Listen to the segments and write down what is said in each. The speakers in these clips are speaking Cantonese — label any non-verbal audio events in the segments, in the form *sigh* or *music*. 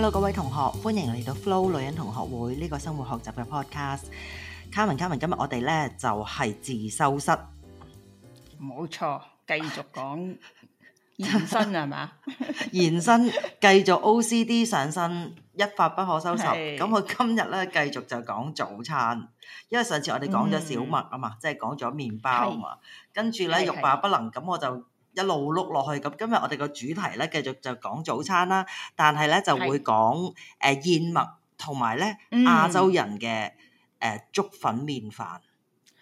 hello 各位同學，歡迎嚟到 Flo 女人同學會呢個生活學習嘅 podcast。Carmen，Carmen，今日我哋呢就係自修室，冇錯，繼續講延伸係嘛？延伸繼續 OCD 上身，一發不可收拾。咁我今日呢繼續就講早餐，因為上次我哋講咗小麥啊嘛，即係講咗麵包啊嘛，跟住呢欲罷不能，咁我就。一路碌落去咁，今日我哋個主題咧，繼續就講早餐啦。但係咧，就會講誒燕麥同埋咧亞洲人嘅誒粥粉麵飯。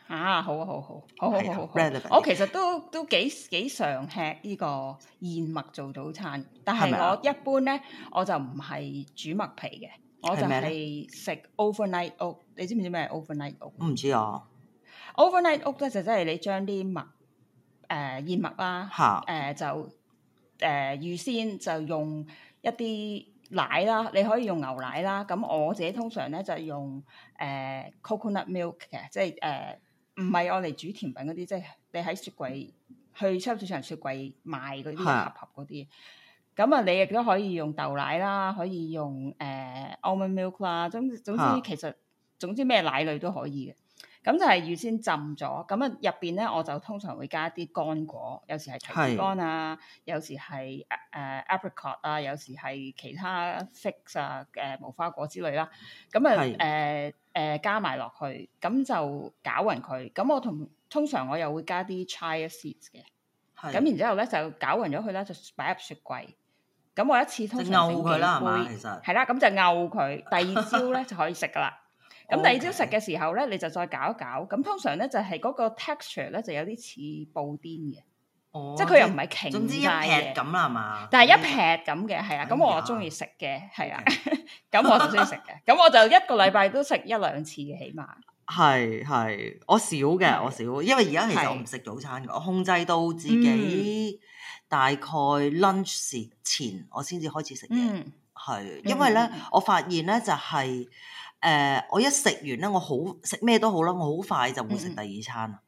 啊，好好好，好好好。我其實都都幾幾常吃呢個燕麥做早餐，但係我一般咧，我就唔係煮麥皮嘅，我就係食 overnight oats。你知唔知咩？overnight oats？唔知啊。overnight oats 咧就即係你將啲麥。誒、呃、燕麥啦，誒、呃、就誒、呃、預先就用一啲奶啦，你可以用牛奶啦。咁我自己通常咧就用誒、呃、coconut milk 嘅，即係誒唔係我哋煮甜品嗰啲，即係你喺雪櫃去超市場雪櫃買嗰啲盒盒嗰啲。咁啊是，你亦都可以用豆奶啦，可以用誒、呃、almond milk 啦。總總之其實是總之咩奶類都可以嘅。咁就係預先浸咗，咁啊入邊咧我就通常會加啲乾果，有時係提子乾啊，有時係誒、uh, apricot 啊，有時係其他 figs 啊，誒、uh, 無花果之類啦。咁啊誒誒加埋落去，咁就攪勻佢。咁我同通常我又會加啲 chia seeds 嘅。係是。咁然之後咧就攪勻咗佢啦，就擺入雪櫃。咁我一次通常整幾杯。係啦，咁就拗佢，第二朝咧就可以食噶啦。 *laughs* 咁第二朝食嘅時候咧，你就再搞一搞。咁通常咧就係嗰個 texture 咧就有啲似布甸嘅，即係佢又唔係瓊，總之一劈咁啦嘛。但係一劈咁嘅係啊，咁我中意食嘅係啊，咁我就中意食嘅。咁我就一個禮拜都食一兩次嘅起碼。係係，我少嘅，我少，因為而家其實我唔食早餐，我控制到自己大概 lunch 前我先至開始食嘢。係，因為咧我發現咧就係。誒，我一食完咧，我好食咩都好啦，我好快就會食第二餐啊，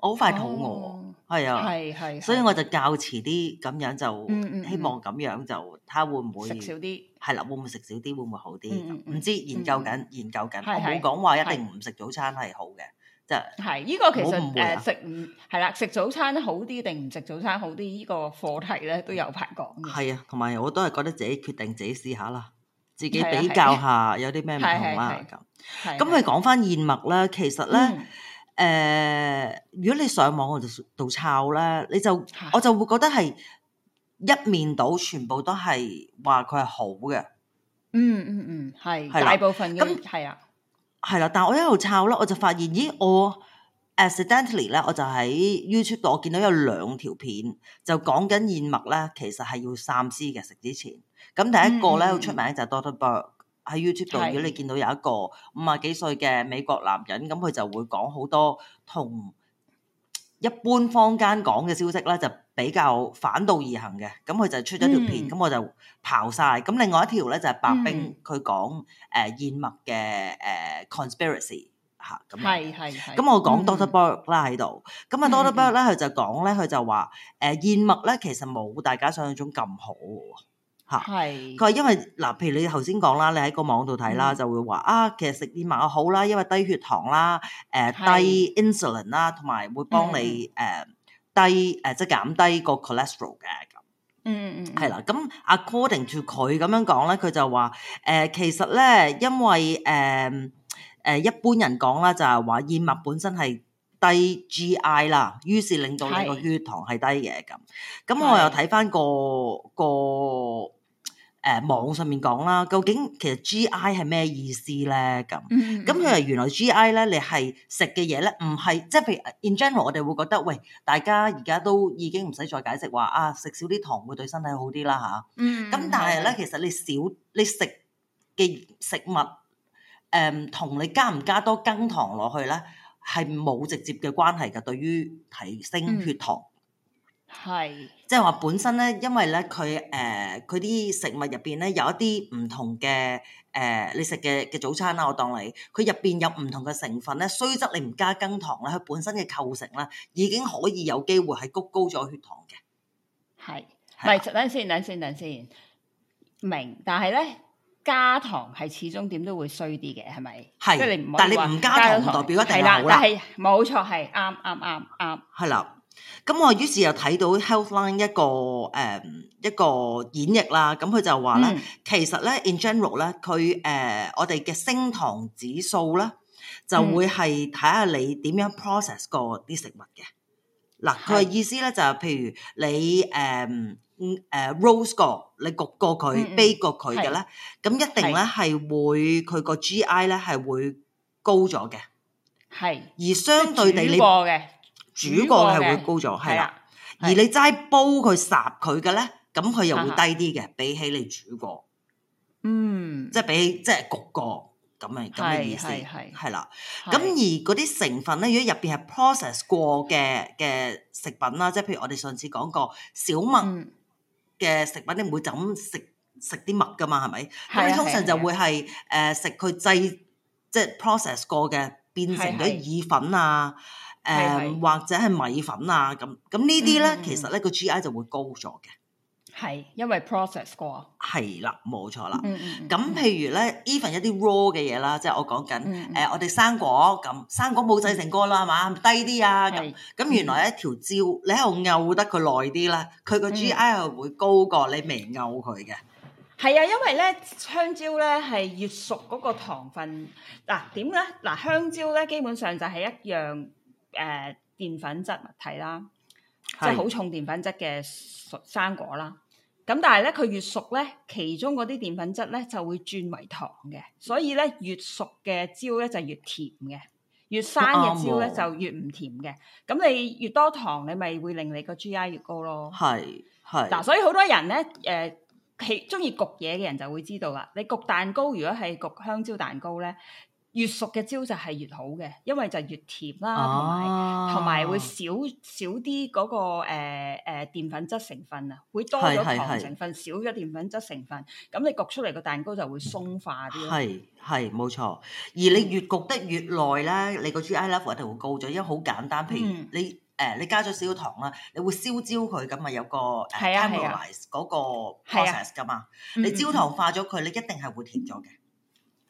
我好快肚餓，係啊，係係，所以我就較遲啲咁樣就，希望咁樣就，睇下會唔會少啲，係啦，會唔會食少啲，會唔會好啲？唔知研究緊研究緊，我冇講話一定唔食早餐係好嘅，即係係呢個其實誒食唔係啦，食早餐好啲定唔食早餐好啲呢個課題咧都有拍過，係啊，同埋我都係覺得自己決定自己試下啦。自己比較下的有啲咩唔同啦咁、啊。咁咪講返燕麥啦。其實咧，誒、嗯，如果你上網我就度抄啦，你就我就會覺得係一面倒，全部都係話佢係好嘅。嗯嗯嗯，係大部分嘅，係啊，係啦。但係我一路抄啦，我就發現咦，我 accidentally 咧，我就喺 YouTube 度，我見到有兩條片就講緊燕麥咧，其實係要三思嘅食之前。咁第一個咧，好出名就係 Doctor Berg，喺 YouTube 度。如果你見到有一個五啊幾歲嘅美國男人，咁佢就會講好多同一般坊間講嘅消息咧，就比較反道而行嘅。咁佢就出咗條片，咁我就刨曬。咁另外一條咧，就係白冰，佢講誒燕麥嘅誒 conspiracy 嚇，咁係係。咁我講 Doctor Berg 啦喺度，咁啊 Doctor Berg 咧，佢就講咧，佢就話誒燕麥咧，其實冇大家想象中咁好。嚇，佢話是因為嗱，譬如你頭先講啦，你喺個網度睇啦，嗯、就會話啊，其實食啲麥好啦，因為低血糖啦，誒、呃、是低 insulin 啦，同埋會幫你誒低誒，即係減低個 cholesterol 嘅咁。嗯嗯嗯，係啦。咁 according to 佢咁樣講咧，佢就話誒、呃、其實咧，因為誒誒、呃呃、一般人講啦，就係話燕麥本身係低 GI 啦，於是令到你個血糖係低嘅咁。咁是我又睇返個個。個誒、呃、網上面講啦，究竟其實 GI 係咩意思咧？咁咁佢原來 GI 咧，你係食嘅嘢咧，唔係即係譬如 in general，我哋會覺得喂，大家而家都已經唔使再解釋話啊，食少啲糖會對身體好啲啦嚇。咁、啊嗯、但係咧，的其實你少你食嘅食物誒，同、嗯、你加唔加多精糖落去咧，係冇直接嘅關係嘅，對於提升血糖。嗯係，即係話本身咧，因為咧佢誒，佢啲、呃、食物入邊咧有一啲唔同嘅誒、呃，你食嘅嘅早餐啦。我當你佢入邊有唔同嘅成分咧，雖則你唔加羹糖咧，佢本身嘅構成啦，已經可以有機會係谷高咗血糖嘅。係是，唔係、啊、等先，等先，等先。明，但係咧加糖係始終點都會衰啲嘅，係咪？係是，即係是你唔但係你唔加糖，唔代表一定好啦、啊。冇錯，係啱啱啱啱。係啦。 *music* 咁我、嗯、於是又睇到 Healthline 一個誒、嗯、一個演繹啦，咁佢就話咧，其實咧 in general 咧，佢誒我哋嘅升糖指數咧就會係睇下你點樣 process 過啲食物嘅。嗱，佢嘅意思咧就係、是、譬如你誒誒、嗯嗯嗯、rose 過，你焗過佢，bake 過佢嘅咧，咁、嗯嗯、一定咧係會佢是個 GI 咧係會高咗嘅。係是，是而相對地你煮過係會高咗，係啦。而你齋煲佢烚佢嘅咧，咁佢又會低啲嘅，比起你煮過。嗯，即係比即係焗過咁係咁嘅意思，係啦。咁而嗰啲成分咧，如果入邊係 process 過嘅嘅食品啦，即係譬如我哋上次講過小麥嘅食品，你唔會就咁食食啲麥噶嘛，係咪？咁你通常就會係誒食佢製即係 process 過嘅，變成咗意粉啊。誒或者係米粉啊，咁咁呢啲咧，嗯嗯、其實咧個 GI 就會高咗嘅，係因為 process 過，係啦，冇錯啦。咁譬如咧，even 一啲 raw 嘅嘢啦，即係我講緊誒，我哋生果咁，生果冇製成過啦，係嘛，低啲啊咁。咁原來一條蕉，你喺度漚得佢耐啲咧，佢個 GI 係會高過你未漚佢嘅。係啊，因為咧香蕉咧係越熟嗰個糖分嗱點咧嗱香蕉咧基本上就係一樣。誒、呃、澱粉質物體啦，即係好重澱粉質嘅熟生果啦。咁是但係咧，佢越熟咧，其中嗰啲澱粉質咧就會轉為糖嘅。所以咧，越熟嘅蕉咧就越甜嘅，越生嘅蕉咧就越唔甜嘅。咁你越多糖，你咪會令你個 GI 越高咯。係係。嗱、啊，所以好多人咧誒，呃、中意焗嘢嘅人就會知道啦。你焗蛋糕，如果係焗香蕉蛋糕咧。越熟嘅蕉就係越好嘅，因為就越甜啦，同埋同埋會少少啲嗰個誒誒澱粉質成分啊，會多咗糖成分，少咗澱粉質成分。咁你焗出嚟個蛋糕就會鬆化啲。係係冇錯，而你越焗得越耐咧，你個 G I level 一定會高咗，因為好簡單。譬如你誒你加咗少糖啦，你會燒焦佢，咁啊有個 caramelise 嗰個 process 噶嘛，你焦糖化咗佢，你一定係會甜咗嘅。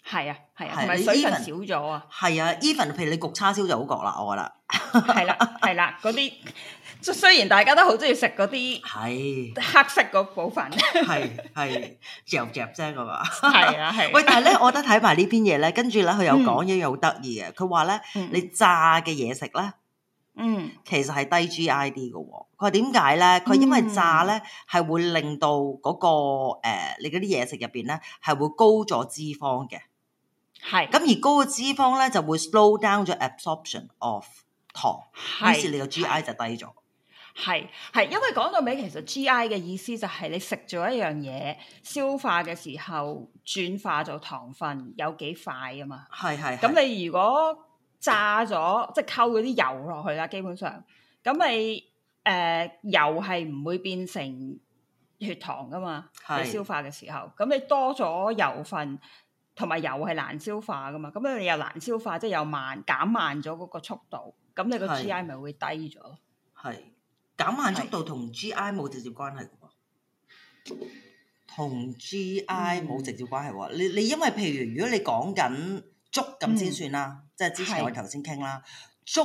係啊，係啊，同埋水分少咗啊！係啊，even，譬如你焗叉燒就好焗啦，我覺得，係 *laughs* 啦、啊，係啦、啊，嗰啲雖然大家都好中意食嗰啲，係黑色嗰部分，係係嚼嚼啫，係嘛、啊？係啊係。 *laughs* 啊啊喂，但係咧，我覺得睇埋呢篇嘢咧，跟住咧佢又講嘢，又好得意嘅，佢話咧你炸嘅嘢食咧，嗯，其實係低 G I D 嘅、哦。佢話點解咧？佢因為炸咧係會令到嗰、那個誒、呃，你嗰啲嘢食入邊咧係會高咗脂肪嘅。係，咁是而高嘅脂肪咧就會 slow down 咗 absorption of 糖，於是，是你個 GI 就低咗。係，係，因為講到尾，其實 GI 嘅意思就係你食咗一樣嘢，消化嘅時候轉化咗糖分有幾快啊嘛。係係。咁你如果炸咗，是即係溝嗰啲油落去啦，基本上，咁你誒、呃、油係唔會變成血糖㗎嘛？係是消化嘅時候，咁你多咗油分。同埋油係難消化噶嘛，咁樣你又難消化，即係又慢，減慢咗嗰個速度，咁你個 GI 咪是會低咗？係，減慢速度同 GI 冇直接關係嘅喎，同 GI 冇直接關係喎。嗯、你你因為譬如如果你講緊粥咁先算啦，嗯、即係之前我頭先傾啦，粥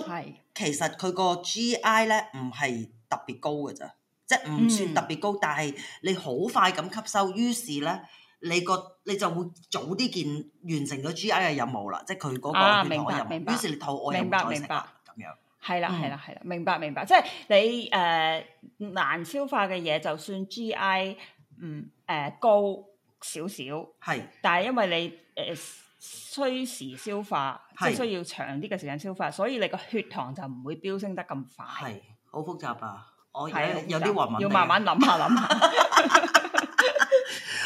其實佢個 GI 咧唔係特別高嘅咋，即係唔算特別高，嗯、但係你好快咁吸收，於是咧。你個你就會早啲見完成咗 GI 嘅任務啦，即係佢嗰個血糖又唔，啊、於是你肚餓又唔再食咁樣。係啦，係啦，係啦，明白，明白，即係你誒、呃、難消化嘅嘢，就算 GI 嗯誒、呃、高少少，係是，但係因為你誒、呃、需時消化，即係是需要長啲嘅時間消化，所以你個血糖就唔會飆升得咁快。係好複雜啊，我有有啲混混要慢慢諗下諗下。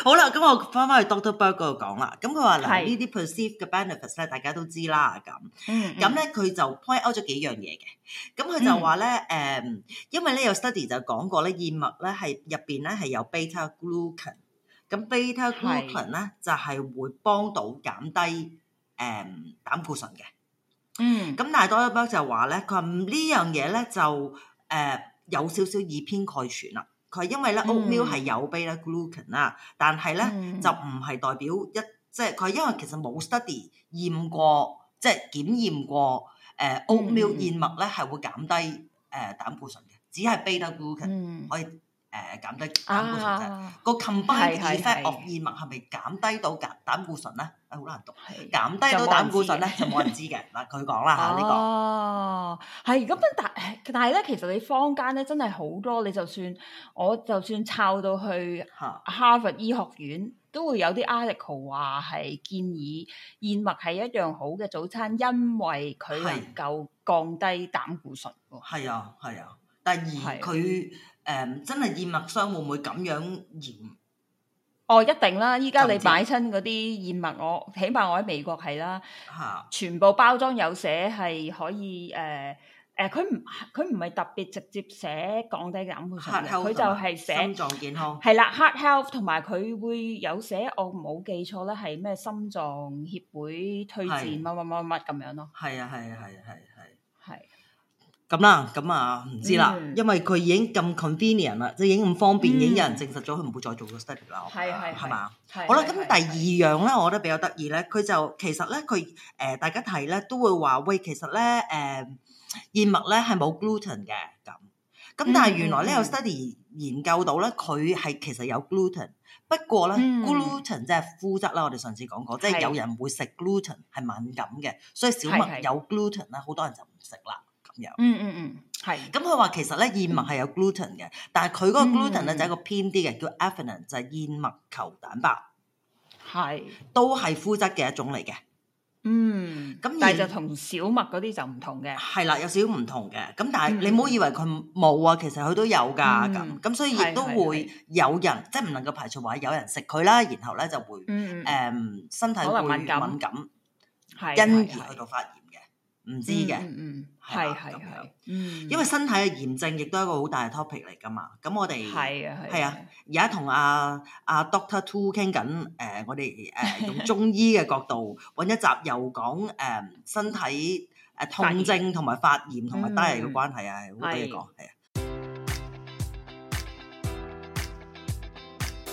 好啦，咁我翻翻去 Doctor Berg 嗰度講啦。咁佢話嗱，是呢啲 perceived 嘅 benefits 咧，大家都知啦。咁，咁咧佢就 point out 咗幾樣嘢嘅。咁佢就話咧，誒、嗯嗯，因為咧有 study 就講過咧，燕麥咧係入邊咧係有 beta glucan。咁 gl beta glucan 咧是就係會幫到減低誒、嗯、膽固醇嘅、嗯。嗯。咁但係 Doctor Berg 就話咧，佢話呢樣嘢咧就誒有少少以偏概全啦。佢因為咧，oatmeal 係有 beta-glucan 啦，an，但係咧、嗯、就唔係代表一，即係佢因為其實冇 study 驗過，即、就、係、是、檢驗過 oatmeal 燕麥咧係會減低誒、呃、膽固醇嘅，只係 beta-glucan、嗯、可以。誒減、呃、低膽、ah, 固醇啫，個 combine test 燕麥係咪減低到噶膽固醇咧？啊好難讀，減低到膽固醇咧就冇人知嘅。嗱，佢講啦嚇呢個。哦、啊，係咁樣，但係但係咧，其實你坊間咧真係好多，你就算我就算抄到去哈佛醫學院，都會有啲 article 話係建議燕麥係一樣好嘅早餐，因為佢能夠降低膽固醇。係啊係啊，第二，佢、啊。誒，真係燕麥商會唔會咁樣嚴？哦，一定啦！依家，你擺親嗰啲燕麥，我起碼我喺美國係啦，全部包裝有寫係可以誒誒，佢唔佢唔係特別直接寫降低膽固醇，佢就係寫心臟健康，係啦，Heart Health，同埋佢會有寫，我冇記錯咧，係咩心臟協會推薦乜乜乜乜咁樣咯。係啊，係啊，係啊，係啊。咁啦，咁啊唔知啦，因為佢已經咁 convenient 啦，即係已經咁方便，已經有人證實咗佢唔會再做個 study 啦，係嘛？係好啦，咁第二樣咧，我覺得比較得意咧，佢就其實咧，佢誒大家睇咧都會話喂，其實咧誒燕麥咧係冇 gluten 嘅咁咁，但係原來咧有 study 研究到咧，佢係其實有 gluten，不過咧 gluten 即係麩質啦。我哋上次講過，即係有人會食 gluten 係敏感嘅，所以小麥有 gluten 咧，好多人就唔食啦。嗯嗯嗯，係。咁佢話其實咧燕麥係有 gluten 嘅，但係佢嗰個 gluten 咧就係個偏啲嘅，叫 affinant 就係燕麥球蛋白，係都係麩質嘅一種嚟嘅。嗯，咁但係就同小麥嗰啲就唔同嘅。係啦，有少少唔同嘅。咁但係你唔好以為佢冇啊，其實佢都有噶。咁咁所以亦都會有人即係唔能夠排除話有人食佢啦，然後咧就會誒，身體會敏感，係因而去到發炎嘅，唔知嘅。嗯。係，係，嗯，因為身體嘅炎症亦都係一個好大嘅 topic 嚟噶嘛，咁我哋係的啊，係啊，而家同阿阿 Doctor Two 傾緊誒我哋誒、呃、用中醫嘅角度揾 *laughs* 一集又講誒、呃、身體誒、呃、痛症同埋發炎同埋帶嚟嘅關係啊，好、嗯、多嘢講，係啊。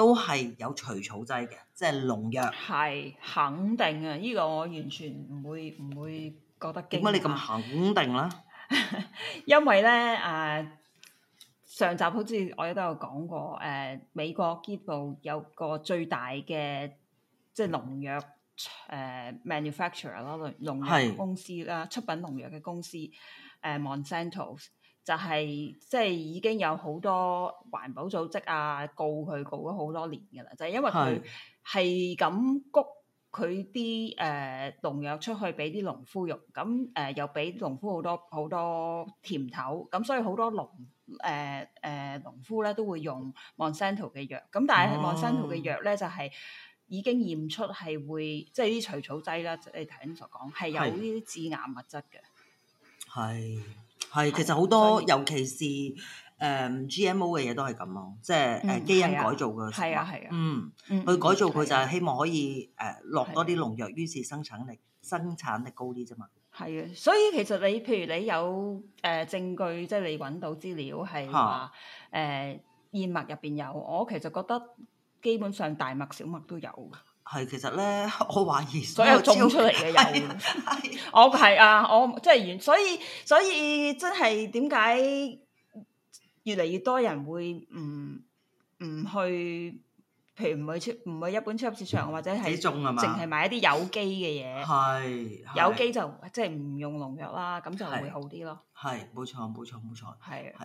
都係有除草劑嘅，即係農藥。係肯定啊！呢、這個我完全唔會唔會覺得驚。點解你咁肯定啦？ *laughs* 因為咧，誒、呃、上集好似我都有講過，誒、呃、美國幾部有個最大嘅即係農藥誒、呃、manufacturer 咯，農藥公司啦，是出品農藥嘅公司誒、呃、Monsanto 就係、是、即係已經有好多環保組織啊告佢告咗好多年㗎喇，就是、因為佢係咁谷佢啲誒農藥出去俾啲農夫用，咁、嗯、誒、呃、又俾農夫好多好多甜頭，咁、嗯、所以好多農誒誒農夫咧都會用 Monsanto 嘅藥，咁但係 Monsanto 嘅藥咧就係已經驗出係會即係啲除草劑啦，就是、你頭先所講係有呢啲致癌物質嘅，係。係，其實好多，以尤其是誒、呃、GMO 嘅嘢都係咁咯，即係誒、嗯、基因改造嘅，係啊係啊，嗯，去、啊嗯、改造佢就係希望可以誒落、嗯嗯、多啲農藥，嗯、於是生產力生產力高啲啫嘛。係啊，所以其實你譬如你有誒、呃、證據，即係你揾到資料係話誒燕麥入邊有，我其實覺得基本上大麥、小麥都有。係，其實呢，我懷疑所有，所有種，種出嚟嘅油，啊啊、我係啊，我即係、就是、原，所以所以真係點解越嚟越多人會唔唔去？佢唔會出唔會一般出超市出場，或者啊嘛，淨係買一啲有機嘅嘢。係有機就即係唔用農藥啦，咁就會好啲咯。係冇錯，冇錯，冇錯。係係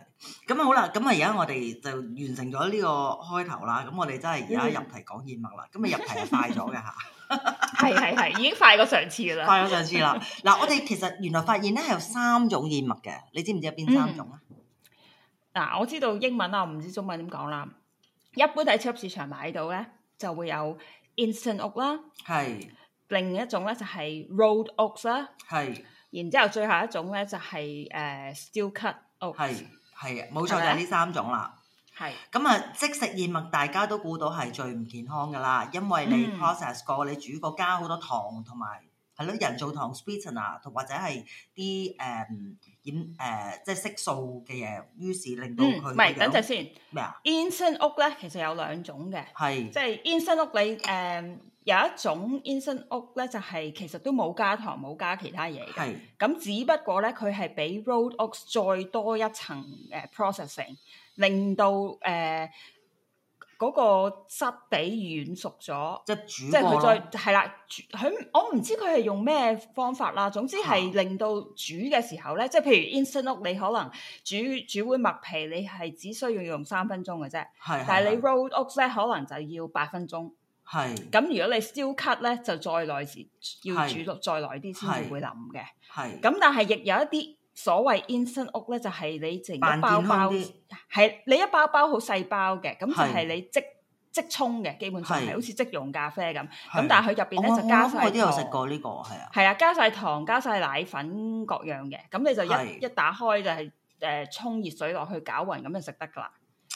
咁啊！好啦，咁啊！而家我哋就完成咗呢個開頭啦。咁我哋真係而家入題講燕麥啦。咁啊入題快咗嘅吓。係係係，已經快過上次噶啦。快過上次啦。嗱，我哋其實原來發現咧係有三種燕麥嘅，你知唔知有邊三種啊？嗱，我知道英文啊，唔知中文點講啦。一般喺超級市場買到咧，就會有 instant oats 啦，是，係另一種咧就係 rolled oats 啦，是，係然之後最後一種咧就係誒 steel cut oats，係係啊，冇錯就係呢三種啦，係咁啊，即食燕麥，大家都估到係最唔健康㗎啦，因為你 process 過、嗯、你煮過加好多糖同埋。係咯，人造糖 s w e e t 同或者係啲誒染誒即係色素嘅嘢，於是令到佢唔係等陣先咩啊？insen 屋咧其實有兩種嘅，係是即係 insen 屋你、呃、誒有一種 insen 屋咧就係、是、其實都冇加糖冇加其他嘢嘅，係咁是只不過咧佢係比 road 屋再多一層誒 processing，令到誒。呃嗰個質地軟熟咗，即係煮，即係佢再係啦。佢我唔知佢係用咩方法啦。總之係令到煮嘅時候咧，啊、即係譬如 instant oats，你可能煮煮碗麥皮，你係只需要用三分鐘嘅啫。係是，但係你 rolled oats 咧的，可能就要八分鐘。係的。咁如果你 steel cut 咧，就再耐啲，的要煮再耐啲先會會腍嘅。係。咁但係亦有一啲。所謂 instant oats 咧，就係你一包包，係你一包包好細包嘅，咁就係你即即沖嘅，基本上係好似即溶咖啡咁。咁但係佢入邊咧就加晒糖。我都有食過呢個，係啊。係啊，加晒糖、加晒奶粉各樣嘅，咁你就一一打開就係誒沖熱水落去攪勻，咁就食得㗎喇。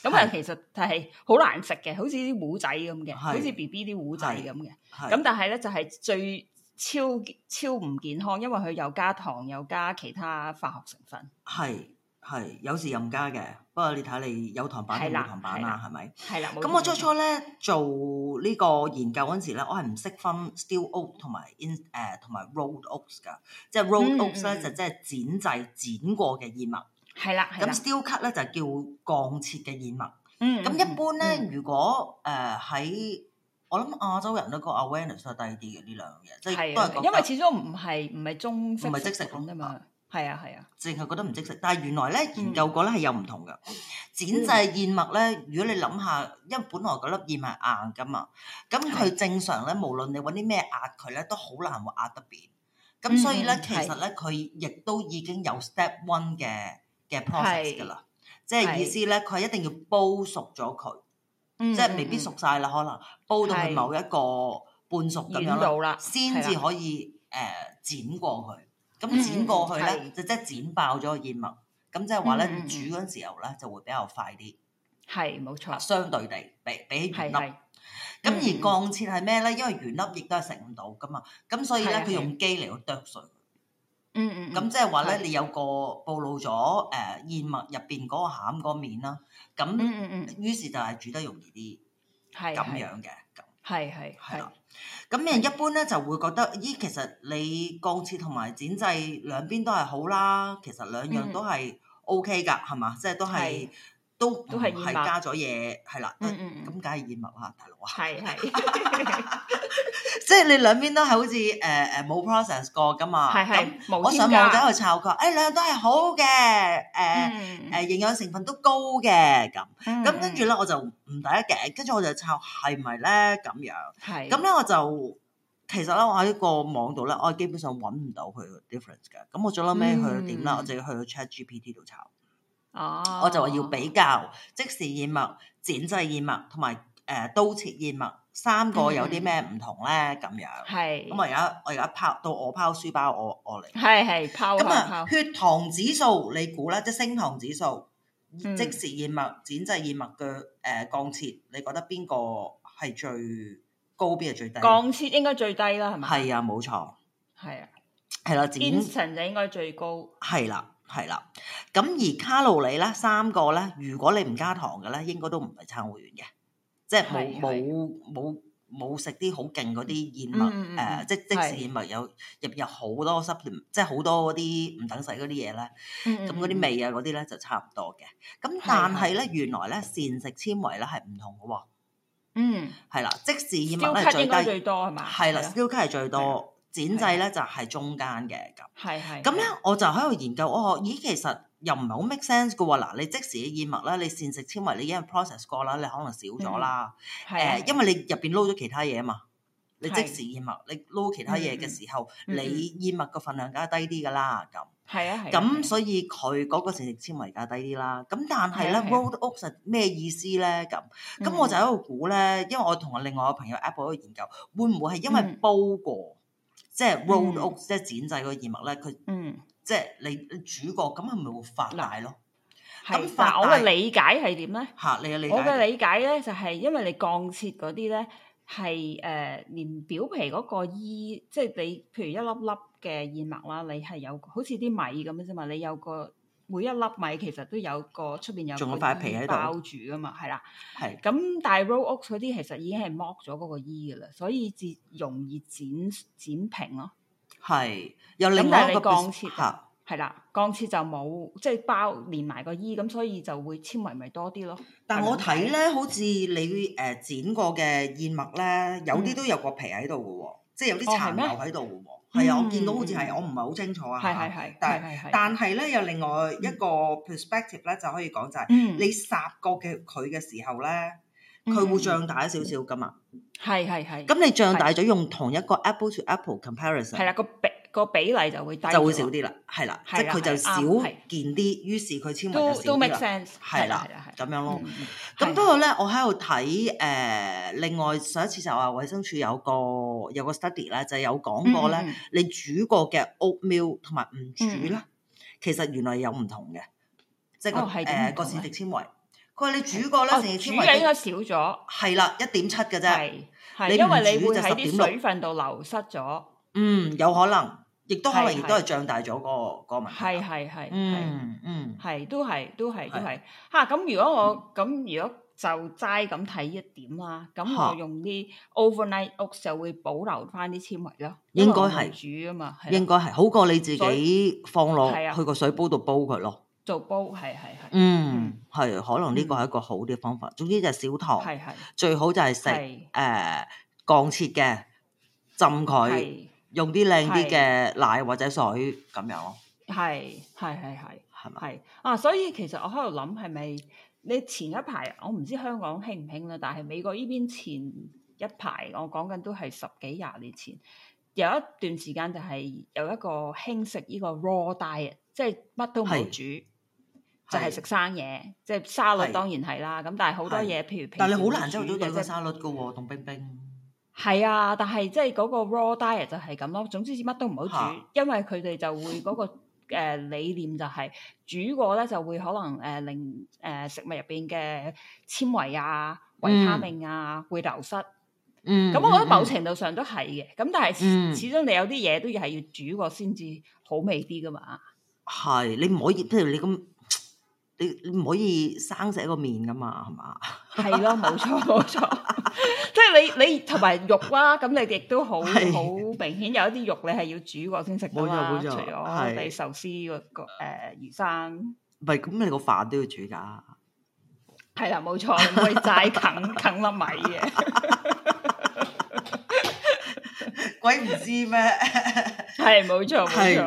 咁啊，其實係好難食嘅，好似啲糊仔咁嘅，好似 B B 啲糊仔咁嘅。咁但係咧就係最，超超唔健康，因為佢又加糖又加其他化學成分。係係，有時又唔加嘅。不過你睇你有糖版同冇糖版啊，係咪？係啦。咁我初初咧做呢個研究嗰陣時咧，我係唔識分 steel oats 同埋 in 誒、呃、同埋 rolled oats 㗎。即係 rolled oats 咧、嗯、就即係剪製剪過嘅燕麥，係啦、嗯。咁 steel cut 咧就叫鋼切嘅燕麥，嗯。咁一般咧，嗯、如果誒喺、呃我諗亞洲人都覺得 awareness 係低啲嘅呢兩樣嘢，即係都係因為始終唔係唔係中，唔係即食咁嘛？係啊係啊，淨係覺得唔即食，即食嗯、但係原來咧研究過咧係有唔同嘅。剪製燕麥咧，如果你諗下，因為本來嗰粒燕麥硬噶嘛，咁佢正常咧，是的 無論你揾啲咩壓佢咧，都好難會壓得變。咁所以咧，嗯、其實咧，佢亦都已經有 step one 嘅嘅 process 噶啦，即係意思咧，佢的一定要煲熟咗佢。即係未必熟晒啦，可能煲到佢某一個半熟咁樣咯，先至可以誒剪過去。咁剪過去咧，就即係剪爆咗個燕麥。咁即係話咧，煮嗰陣時候咧就會比較快啲。係，冇錯，相對地比比起原粒。咁而鋼切係咩咧？因為原粒亦都係食唔到噶嘛。咁所以咧，佢用機嚟去剁碎。嗯嗯，咁即係話咧，你有個暴露咗誒燕麥入邊嗰個餡嗰個麵啦，咁，於是就係煮得容易啲，係咁樣嘅，咁係係係啦，咁人一般咧就會覺得咦，其實你鋼切同埋剪製兩邊都係好啦，其實兩樣都係 OK 噶，係嘛？即係都係都都係加咗嘢，係啦，咁梗係燕麥啊，大佬啊，係係。即係你兩邊都係好似誒誒冇 process 過噶嘛，咁我是、嗯、上網走去抄佢，誒兩樣都係好嘅，誒誒營養成分都高嘅咁，咁跟住咧我就唔第一嘅，跟住我就抄係咪咧咁樣？係咁咧我就其實咧我喺個網度咧，我基本上揾唔到佢 difference 嘅，咁我最嬲尾去咗點啦？嗯、我就要去咗 ChatGPT 度抄，哦、我就話要比較即時燕麥、剪製燕麥同埋誒刀切燕麥。三個有啲咩唔同咧？咁樣，咁是我而家我而家拋到我拋書包，我我嚟係係拋咁啊！血糖指數你估啦，即、就、係、是、升糖指數，嗯、即時燕麥、剪製燕麥嘅誒鋼切，你覺得邊個係最高邊係最，最低？鋼切應該最低啦，係咪？係啊，冇錯，係啊，係啦，剪成就應該最高，係啦，係啦。咁、嗯、而卡路里咧，三個咧，如果你唔加糖嘅咧，應該都唔係參會員嘅。即係冇冇冇冇食啲好勁嗰啲燕麥誒，即即食燕麥有入邊有好多濕，即係好多嗰啲唔等使嗰啲嘢咧。咁嗰啲味啊嗰啲咧就差唔多嘅。咁但係咧原來咧膳食纖維咧係唔同嘅喎。嗯，係啦，即食燕麥咧係最低最多係嘛？係啦，steel cut 係最多，剪製咧就係中間嘅咁。係係。咁咧我就喺度研究，我咦其實。又唔係好 make sense 嘅喎，嗱，你即時嘅燕麥咧，你膳食纖維你已經 process 過啦，你可能少咗啦，誒，因為你入邊撈咗其他嘢嘛，你即時燕麥，你撈其他嘢嘅時候，你燕麥個份量梗係低啲嘅啦，咁，係啊，咁所以佢嗰個膳食纖維而低啲啦，咁但係咧，rolled oats 咩意思咧？咁，咁我就喺度估咧，因為我同我另外個朋友 Apple 喺度研究，會唔會係因為煲過，即係 rolled oats，即係剪製嘅燕麥咧，佢嗯。即係你煮過咁係咪會發大咯？咁的發但我嘅理解係點咧？嚇，你嘅理我嘅理解咧就係因為你鋼切嗰啲咧係誒，連表皮嗰個衣，即係你譬如一粒粒嘅燕麥啦，你係有好似啲米咁啫嘛，你有個每一粒米其實都有個出邊有仲有塊皮喺度包住啊嘛，係啦，係咁但係 rolled oats 嗰啲其實已經係剝咗嗰個衣噶啦，所以至容易剪剪平咯。係，有另外一個鋼切吓，係啦，鋼切就冇，即係包連埋個衣，咁所以就會纖維咪多啲咯。但我睇咧，好似你誒剪過嘅燕麥咧，有啲都有個皮喺度嘅喎，即係有啲殘留喺度嘅喎。係啊，我見到好似係，我唔係好清楚啊。係係係，但係但係咧，有另外一個 perspective 咧，就可以講就係，你殺過嘅佢嘅時候咧。佢會脹大少少噶嘛，係係係。咁你脹大咗，用同一個 apple to apple comparison，係啦，個比個比例就會低，就會少啲啦，係啦，即係佢就少見啲，於是佢纖維就少啲啦，都 make sense，係啦，咁樣咯。咁不過咧，我喺度睇誒，另外上一次就話衞生署有個有個 study 啦，就有講過咧，你煮過嘅 oatmeal 同埋唔煮啦，其實原來有唔同嘅，即係個誒個膳食纖維。不過你煮過咧，成啲纖維應該少咗。係啦，一點七嘅啫，係因為你會喺啲水分度流失咗。嗯，有可能，亦都可能，亦都係漲大咗嗰個嗰個問題。係係係，嗯嗯，係都係都係都係。嚇，咁如果我咁如果就齋咁睇一點啦，咁我用啲 overnight oats 就會保留翻啲纖維咯。應該係煮啊嘛，應該係好過你自己放落去個水煲度煲佢咯。做煲係係係，嗯係是可能呢個係一個好啲方法。嗯、總之就係少糖，係係最好就係食誒降切嘅浸佢，是用啲靚啲嘅奶或者水咁樣咯。係係係係係嘛？啊，所以其實我喺度諗係咪你前一排我唔知香港興唔興啦，但係美國呢邊前一排，我講緊都係十幾廿年前有一段時間就係有一個興食呢個 raw diet，即係乜都唔煮。就係食生嘢，即係沙律當然係啦。咁但係好多嘢，譬如譬如，但你好難真係都煮嘅即沙律嘅喎，凍冰冰。係啊，但係即係嗰個 raw diet 就係咁咯。總之是乜都唔好煮，因為佢哋就會嗰個誒理念就係煮過咧就會可能誒令誒食物入邊嘅纖維啊、維他命啊會流失。嗯，咁我覺得某程度上都係嘅。咁但係始始終你有啲嘢都要係要煮過先至好味啲噶嘛。係你唔可以譬如你咁。你唔可以生食個麵㗎嘛，係 *laughs* 嘛？係咯，冇錯冇錯，即係你你同埋肉啦，咁你哋亦都好好明顯有一啲肉你係要煮過先食啦，冇錯冇錯，除咗啲的壽司個誒、呃、魚生。唔係，咁你個飯都要煮㗎。係啦，冇錯，唔可以齋啃啃粒米嘅。 *laughs* 鬼唔知咩，係冇錯冇錯。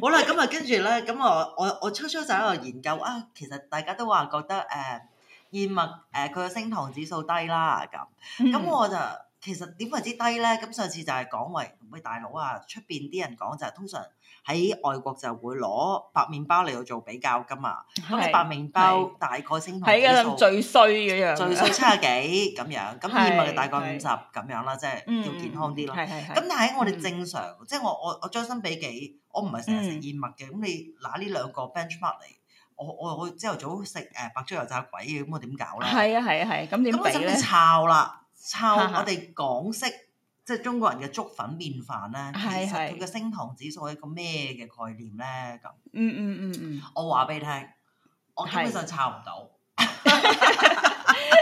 好啦，咁啊跟住咧，咁啊我我初初就喺度研究啊，其實大家都話覺得誒、呃、燕麥誒佢嘅升糖指數低啦咁，咁我就。嗯其實點為之低咧？咁上次就係講為唔會大佬啊，出邊啲人講就係通常喺外國就會攞白麵包嚟到做比較噶嘛。咁你白麵包大概升頭，係啊，最衰嘅樣，最衰七啊幾咁樣。咁燕麥就大概五十咁樣啦，即係要健康啲啦。咁但係我哋正常，即係我我我將心比己，我唔係成日食燕麥嘅。咁你拿呢兩個 benchmark 嚟，我我會朝頭早食誒白粥油炸鬼嘅，咁我點搞咧？係啊係啊係，咁點比要抄啦！抄我哋港式，即係中國人嘅粥粉麵飯啦。其實佢嘅升糖指數係一個咩嘅概念咧？咁嗯嗯嗯嗯，我話俾你聽，我基本上抄唔到。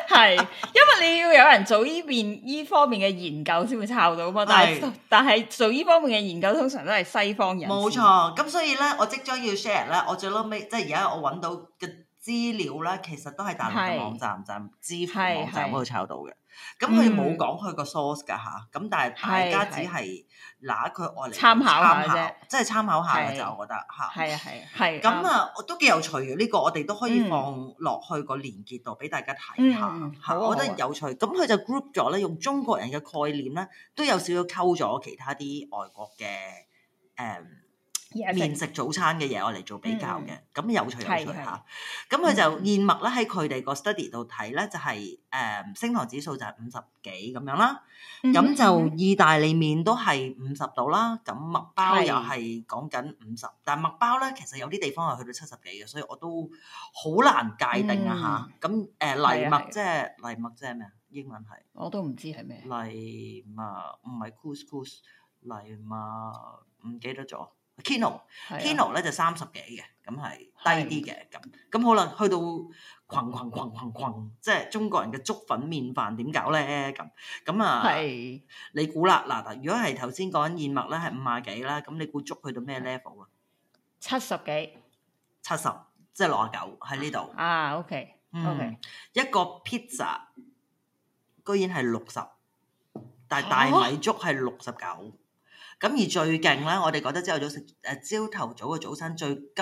係，因為你要有人做依邊依方面嘅研究先會抄到嘛。但係但係做依方面嘅研究，通常都係西方人。冇錯。咁所以咧，我即將要 share 咧，我最嬲尾即係而家我搵到嘅資料咧，其實都係大陸嘅網站，就支付網站嗰度抄到嘅。咁佢冇講佢個 source 㗎嚇，咁但係大家只係拿佢外嚟參考下，即係參考，已參考下嘅就是我覺得嚇。係啊係啊，係那。咁啊、嗯，我都幾有趣嘅呢，呢個，我哋都可以放落去個連結度俾大家睇下係係、嗯，我覺得有趣。咁佢、嗯、就 group 咗咧，用中國人嘅概念咧，都有少少溝咗其他啲外國嘅誒。嗯麵食早餐嘅嘢，我嚟做比較嘅，咁有趣有趣嚇。咁佢就燕麥咧，喺佢哋個 study 度睇咧，就係誒升糖指數就係五十幾咁樣啦。咁就意大利麵都係五十度啦，咁麥包又係講緊五十，但麥包咧其實有啲地方係去到七十幾嘅，所以我都好難界定啊嚇。咁誒，藜麥即係藜麥即係咩啊？英文係我都唔知係咩藜麥，唔係 cous cous 藜麥，唔記得咗。Keno，Keno 咧就三十幾嘅，咁係低啲嘅，咁咁好啦。去到羣羣羣羣羣，即係中國人嘅粥粉麵飯點搞咧？咁咁啊，係你估啦？嗱嗱，如果係頭先講燕麥咧係五十幾啦，咁你估粥去到咩 level 啊？七十幾，七十即係六十九喺呢度。就是、69，啊，OK，OK，、okay, okay. 嗯、一個 pizza 居然係六十，但係大米粥係六十九。咁而最勁咧，我哋覺得朝頭早食誒，朝頭早嘅早餐最金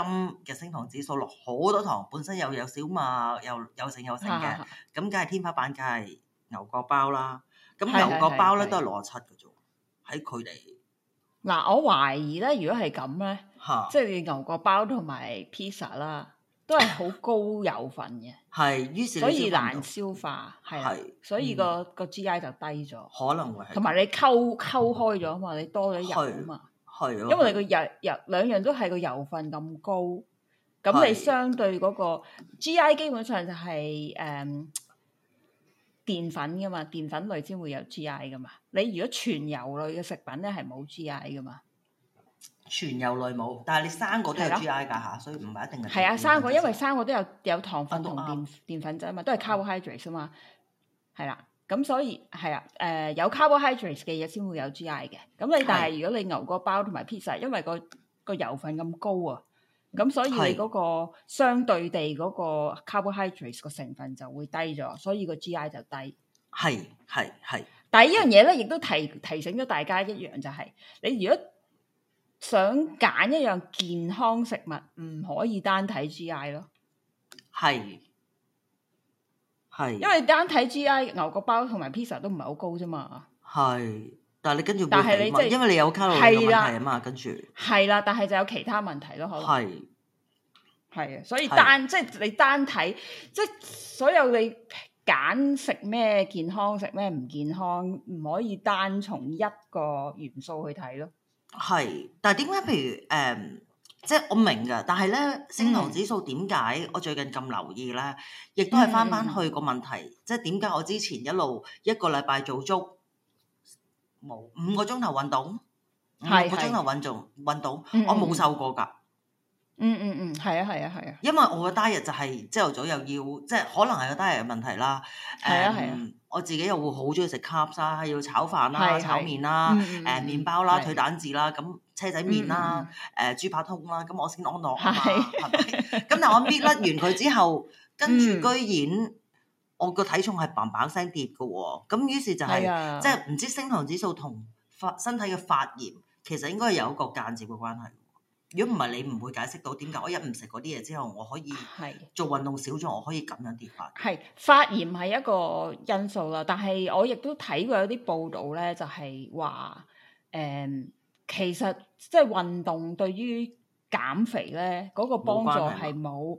嘅升糖指數落好多糖，本身又有小麥，又有成有成嘅，咁梗係天花板，梗係牛角包啦。咁的牛角包咧都係六十七嘅啫，喺佢哋。嗱、啊，我懷疑咧，如果係咁咧，啊、即係牛角包同埋披薩啦。都係好高油份嘅，係，是，所以難消化，係，所以、個、嗯、個 G I 就低咗，可能會同埋你溝溝開咗啊嘛，你多咗油啊嘛，係咯，因為你個油油兩樣都係個油份咁高，咁你相對嗰、個的、個、G I 基本上就係誒澱粉噶嘛，澱粉類先會有 G I 噶嘛，你如果全油類嘅食品咧係冇 G I 噶嘛。全油類冇，但係你三個都有 G I 噶吓，的所以唔係一定係。係啊，三個因為三個都有有糖分同澱澱粉質啊嘛，啊都係 carbohydrates 啊嘛，係啦、嗯。咁所以係啊，誒、呃、有 carbohydrates 嘅嘢先會有 G I 嘅。咁你的但係如果你牛角包同埋 pizza，因為、那個個油份咁高啊，咁所以你嗰個相對地嗰個 carbohydrates 個成分就會低咗，所以個 G I 就低。係係係。但係呢樣嘢咧，亦都提提醒咗大家一樣就係、是，你如果，想揀一樣健康食物，唔可以單睇 GI 咯。係係，因為單睇 GI 牛角包同埋 pizza 都唔係好高啫嘛。係，但係你跟住冇其他問題，因為你有卡路里嘅問題啊嘛。的跟住係啦，但係就有其他問題咯。可能係係啊，所以單的即係你單睇，即係所有你揀食咩健康，食咩唔健康，唔可以單從一個元素去睇咯。係，但係點解？譬如誒、嗯，即係我明嘅，但係咧，升糖指數點解我最近咁留意咧？亦都係翻翻去個問題，嗯嗯，即係點解我之前一路一個禮拜做足冇沒五個鐘頭運動，是是五個鐘頭運動，運動，我冇瘦過㗎。嗯嗯嗯嗯嗯，係啊係啊係啊，啊啊因為我嘅 diet 就係朝頭早又要即係，可能係個 diet 問題啦。係啊啊，啊 um, 我自己又會好中意食 carbs，要炒飯啦、啊、啊、炒麵啦、誒麵包啦、啊、腿、啊、蛋治啦、啊，咁車仔麵啦、啊、誒、嗯呃、豬扒通啦、啊。咁我先安樂啊嘛，係咪？咁但我搣甩完佢之後，跟住居然我個體重係棒棒聲跌㗎喎。咁於是就係即係唔知升糖指數同發身體嘅發炎，其實應該係有一個間接嘅關係。如果唔係你唔會解釋到點解我一唔食嗰啲嘢之後，我可以做運動少咗，我可以咁樣跌法。係發炎係一個因素啦，但係我亦都睇過有啲報道咧，就係話誒，其實即係、就是、運動對於減肥咧嗰、嗰個幫助係冇。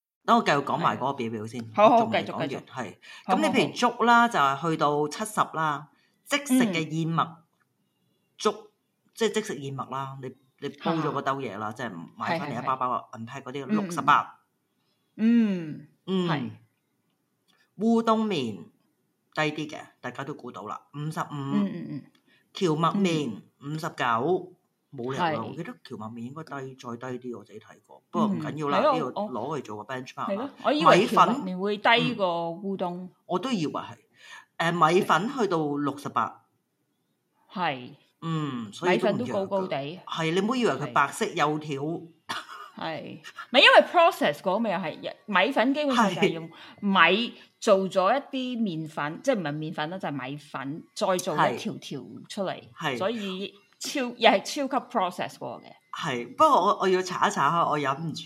等我繼續講埋嗰個表表先，仲未講完，係咁你譬如粥啦，就係去到七十啦，即食嘅燕麥粥，即係即食燕麥啦，你你煲咗個兜嘢啦，即係買翻嚟一包包銀牌嗰啲六十八，嗯嗯係烏冬麵低啲嘅，大家都估到啦，五十五，嗯嗯嗯，蕎麥麵五十九。冇啦，我記得蕎麥麵應該低再低啲，我自己睇過。不過唔緊要啦，呢度攞去做個 benchmark 我以為米粉麵會低過烏冬。我都以為係，誒米粉去到六十八，係，嗯，所以米粉都高高地。係你唔好以為佢白色幼條。係，咪因為 process 嗰味又係，米粉基本上就係用米做咗一啲麵粉，即係唔係麵粉啦，就係米粉再做一條條出嚟，所以。超又係超級 process 過嘅。係，不過我我要查一查下，我忍唔住。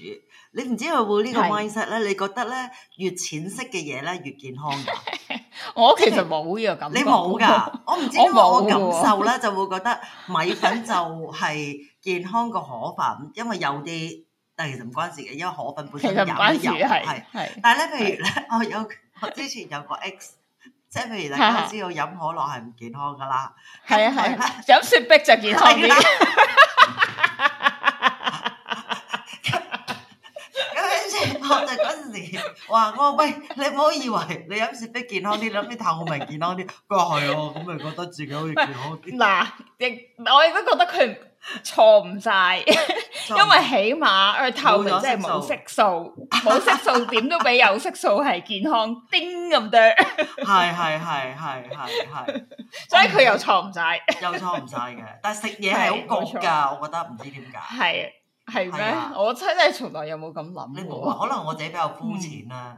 你唔知佢會呢個 mindset 咧？你覺得咧越淺色嘅嘢咧越健康㗎？ *laughs* *laughs* 我其實冇呢個感覺， *laughs* 你冇㗎。我唔知因為 *laughs* 我感受咧就會覺得米粉就係健康過河粉， *laughs* 因為有啲，但係其實唔關事嘅，因為河粉本身有有油，唔 *laughs* 關事、就係、但係咧，譬如咧，我有的 *laughs* 我之前有個 X。即係譬如大家知道飲可樂係唔健康噶啦，係啊係啊，飲雪碧就健康啲。咁即係我哋嗰時，哇！我話喂，你唔好以為你飲雪碧健康啲，諗啲頭我咪健康啲。佢話係喎，咁、哎、咪覺得自己好似健康啲。嗱，亦我亦都覺得佢。錯唔晒，因為起碼佢透咗即係冇色素，冇色素點都比有色素係健康，丁咁多，係係係係係係，所以佢又錯唔晒，又錯唔晒嘅。但係食嘢係好焗㗎，我覺得唔知點解，係係咩？我真係從來又冇咁諗。你冇啊？可能我自己比較膚淺啦。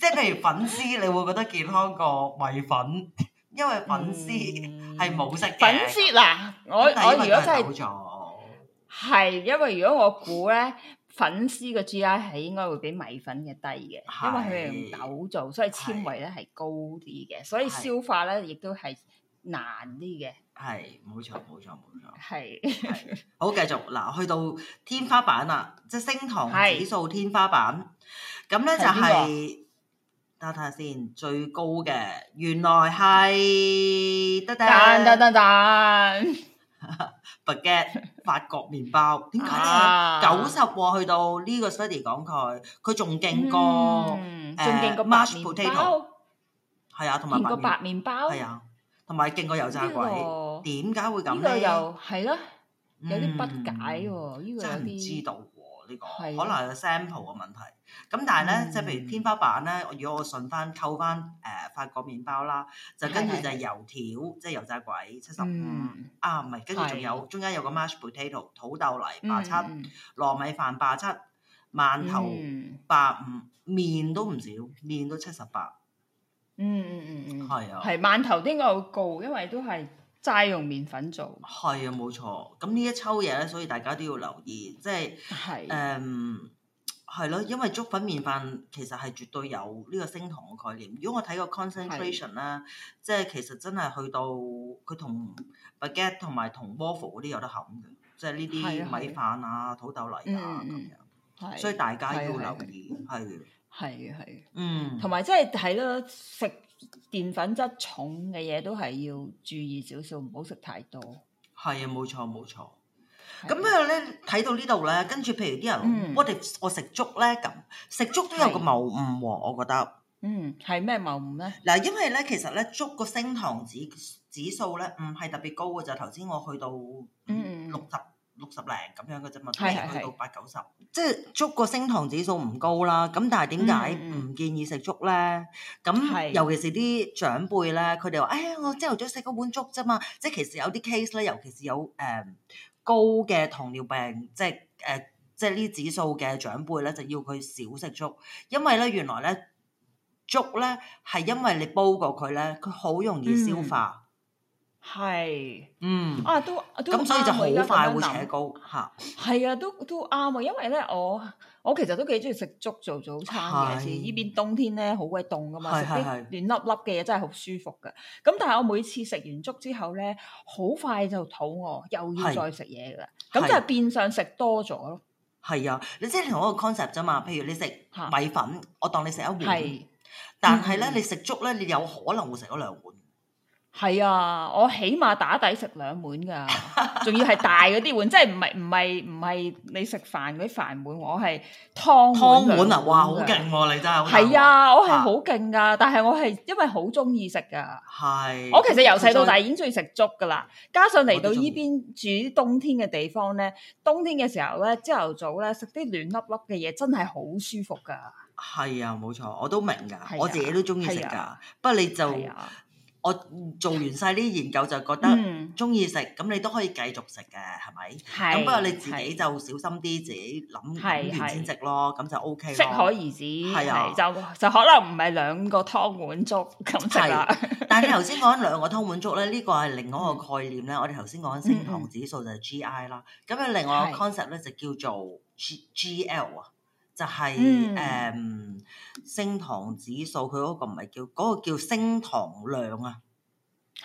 即係譬如粉絲，你會覺得健康過米粉。因為粉絲係冇色嘅，粉絲嗱，我我如果真係，係因為如果我估咧，粉絲嘅 GI 係應該會比米粉嘅低嘅，因為佢係用豆做，所以纖維咧係高啲嘅，所以消化咧亦都係難啲嘅。係冇錯冇錯冇錯，係好繼續嗱，去到天花板啦，即係升糖指數天花板，咁咧就係。睇下先，最高嘅原來係得得得得得，Baguette 法國麵包，點解咧？九十喎，去到呢個 study 講佢，佢仲勁過，仲勁過 mash potato，係啊，同埋勁過白麵包，係啊，同埋勁過油炸鬼，點解會咁咧？係咯，有啲不解喎，呢個真係唔知道。這個、的可能係個 sample 嘅問題，咁、嗯、但係咧，即係譬如天花板咧，如果我順翻扣翻誒、呃、法國麵包啦，就跟住就係油條，的即係油炸鬼七十五，75, 嗯、啊唔係，跟住仲的有中間有個 mash potato 土豆泥八七，87, 嗯、糯米飯八七，87, 饅頭八五，麵、嗯、都唔少，麵都七十八，嗯嗯嗯嗯，係啊的，係饅頭應該好高，因為都係。齋用麵粉做，係士啊 ane，冇錯。咁呢一抽嘢咧，所以大家都要留意，是即係誒，係、嗯、咯，因為粥粉麵飯其實係絕對有呢個升糖嘅概念。如果我睇個 concentration 啦是，即係其實真係去到佢同 baguette 同埋同 waffle 嗰啲有得冚嘅，的即係呢啲米飯啊、土豆泥啊咁樣。Mm, 嗯、所以大家要留意，係，係嘅，的嗯，同埋即係睇到食。澱粉質重嘅嘢都係要注意少少，唔好食太多。係啊，冇錯冇錯。咁咩咧？睇到呢度咧，跟住譬如啲人，我哋我食粥咧咁，食粥都有個謬誤喎，我覺得。嗯，係咩謬誤咧？嗱，因為咧，其實咧，粥個升糖指指數咧，唔係特別高嘅就係頭先我去到嗯六十。六十零咁樣嘅啫嘛，都係的去到八九十。即係的粥個升糖指數唔高啦，咁但係點解唔建議食粥咧？咁尤其是啲長輩咧，佢哋話：，哎呀，我朝頭早食個碗粥啫嘛。即係其實有啲 case 咧，尤其是有誒、呃、高嘅糖尿病，即係誒、呃、即係呢啲指數嘅長輩咧，就要佢少食粥，因為咧原來咧粥咧係因為你煲過佢咧，佢好容易消化。嗯係，嗯，啊，都都咁所以就好快會扯高嚇。係啊，都都啱啊，因為咧，我我其實都幾中意食粥做早餐嘅。呢邊冬天咧好鬼凍噶嘛，食啲暖粒粒嘅嘢真係好舒服噶。咁但係我每次食完粥之後咧，好快就肚餓，又要再食嘢噶啦。咁就係變相食多咗咯。係啊，你即係同一個 concept 啫嘛。譬如你食米粉，我當你食一碗，但係咧，你食粥咧，你有可能會食咗兩碗。係啊，我起碼打底食兩碗噶，仲要係大嗰啲碗，即係唔係唔係唔係你食飯嗰啲飯碗，我係湯碗碗湯碗啊！哇，好勁喎，你真係係啊，我係好勁噶，但係我係因為好中意食噶，係是我其實由細到大已經中意食粥噶啦，加上嚟到依邊住冬天嘅地方咧，冬天嘅時候咧，朝頭早咧食啲暖粒粒嘅嘢，真係好舒服噶。係啊，冇錯，我都明噶，啊、我自己都中意食噶，不過、啊、你就。我做完晒呢啲研究就覺得中意食，咁你都可以繼續食嘅，係咪？咁不過你自己就小心啲，自己諗完先食咯，咁就 O K 咯。適可而止，係啊，就就可能唔係兩個湯碗粥咁食啦。但係你頭先講兩個湯碗粥咧，呢個係另外一個概念咧。我哋頭先講升糖指數就係 G I 啦，咁啊另外個 concept 咧就叫做 G G L 啊。就係、係、誒、um，升糖指數，佢嗰個唔係叫嗰、嗰個叫升糖量啊，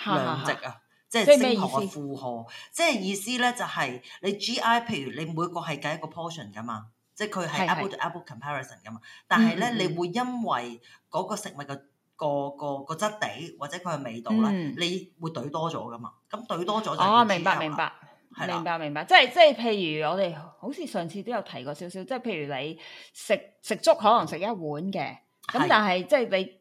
量值啊，即係升糖嘅負荷。即係意思咧，就係、係、你 G.I.，譬如你每個係計一個 portion 噶嘛，即係佢係 apple to apple comparison 噶嘛。但係咧，係係你會因為嗰個食物嘅、嗰個個、嗰個質地或者佢嘅味道啦，嗯、你會懟多咗噶嘛。咁懟多咗就多哦。明白明白。明白明白，即係即係，譬如我哋好似上次都有提過少少，即係譬如你食食粥可能食一碗嘅，咁但係即係你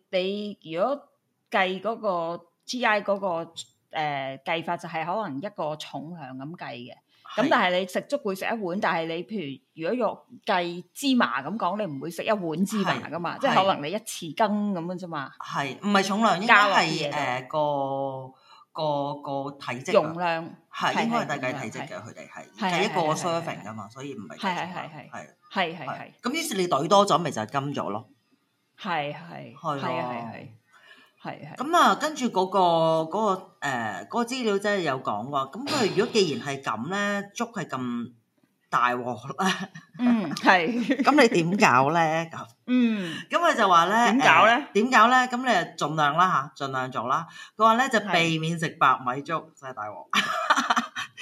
你如果計嗰個 G I 嗰、嗰個誒、呃、計法就係可能一個重量咁計嘅，咁但係你食粥會食一碗，但係你譬如如果若計芝麻咁講，你唔會食一碗芝麻噶嘛，即係可能你一匙羹咁樣啫嘛，係唔係重量應該係誒個？個個體積容量係應該係大概體積嘅，佢哋係係一個 serving 㗎嘛，所以唔係係係係係係係咁，於是你袋多咗，咪就係金咗咯。係係係啊係係係咁啊！跟住嗰個嗰個誒資料即係有講喎，咁佢如果既然係咁咧，捉係咁。大鑊啦，嗯，係，咁你點搞咧？咁，嗯，咁佢就話咧，點搞咧？點搞咧？咁你就盡量啦嚇，盡量做啦。佢話咧就避免食白米粥，真係大鑊，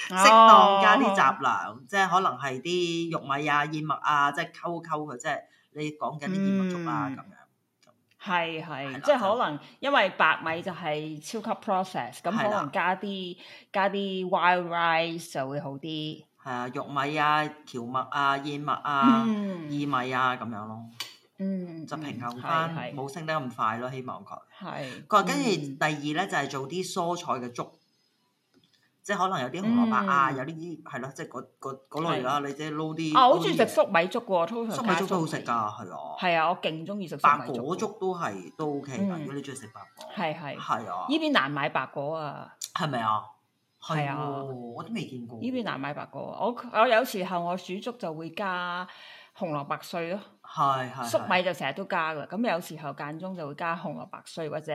適當加啲雜糧，即係可能係啲玉米啊、燕麥啊，即係溝溝佢，即係你講緊啲燕麥粥啊咁樣。係係，即係可能因為白米就係超級 process，咁可能加啲加啲 wild rice 就會好啲。係啊，玉米啊、蕎麥啊、燕麥啊、薏米啊咁樣咯，就平衡翻冇升得咁快咯，希望佢，係。佢話：跟住第二咧，就係做啲蔬菜嘅粥，即係可能有啲紅蘿蔔啊，有啲啲係咯，即係嗰嗰類咯。你即係撈啲。啊，好中意食粟米粥喎，粟米粥都好食㗎，係啊。係啊，我勁中意食。白果粥都係都 OK，如果你中意食白果。係係。係啊。呢邊難買白果啊？係咪啊？係啊，我都未見過。呢邊難買白果，我我有時候我煮粥就會加紅蘿蔔碎咯。係係。粟米就成日都加噶，咁有時候間中就會加紅蘿蔔碎，或者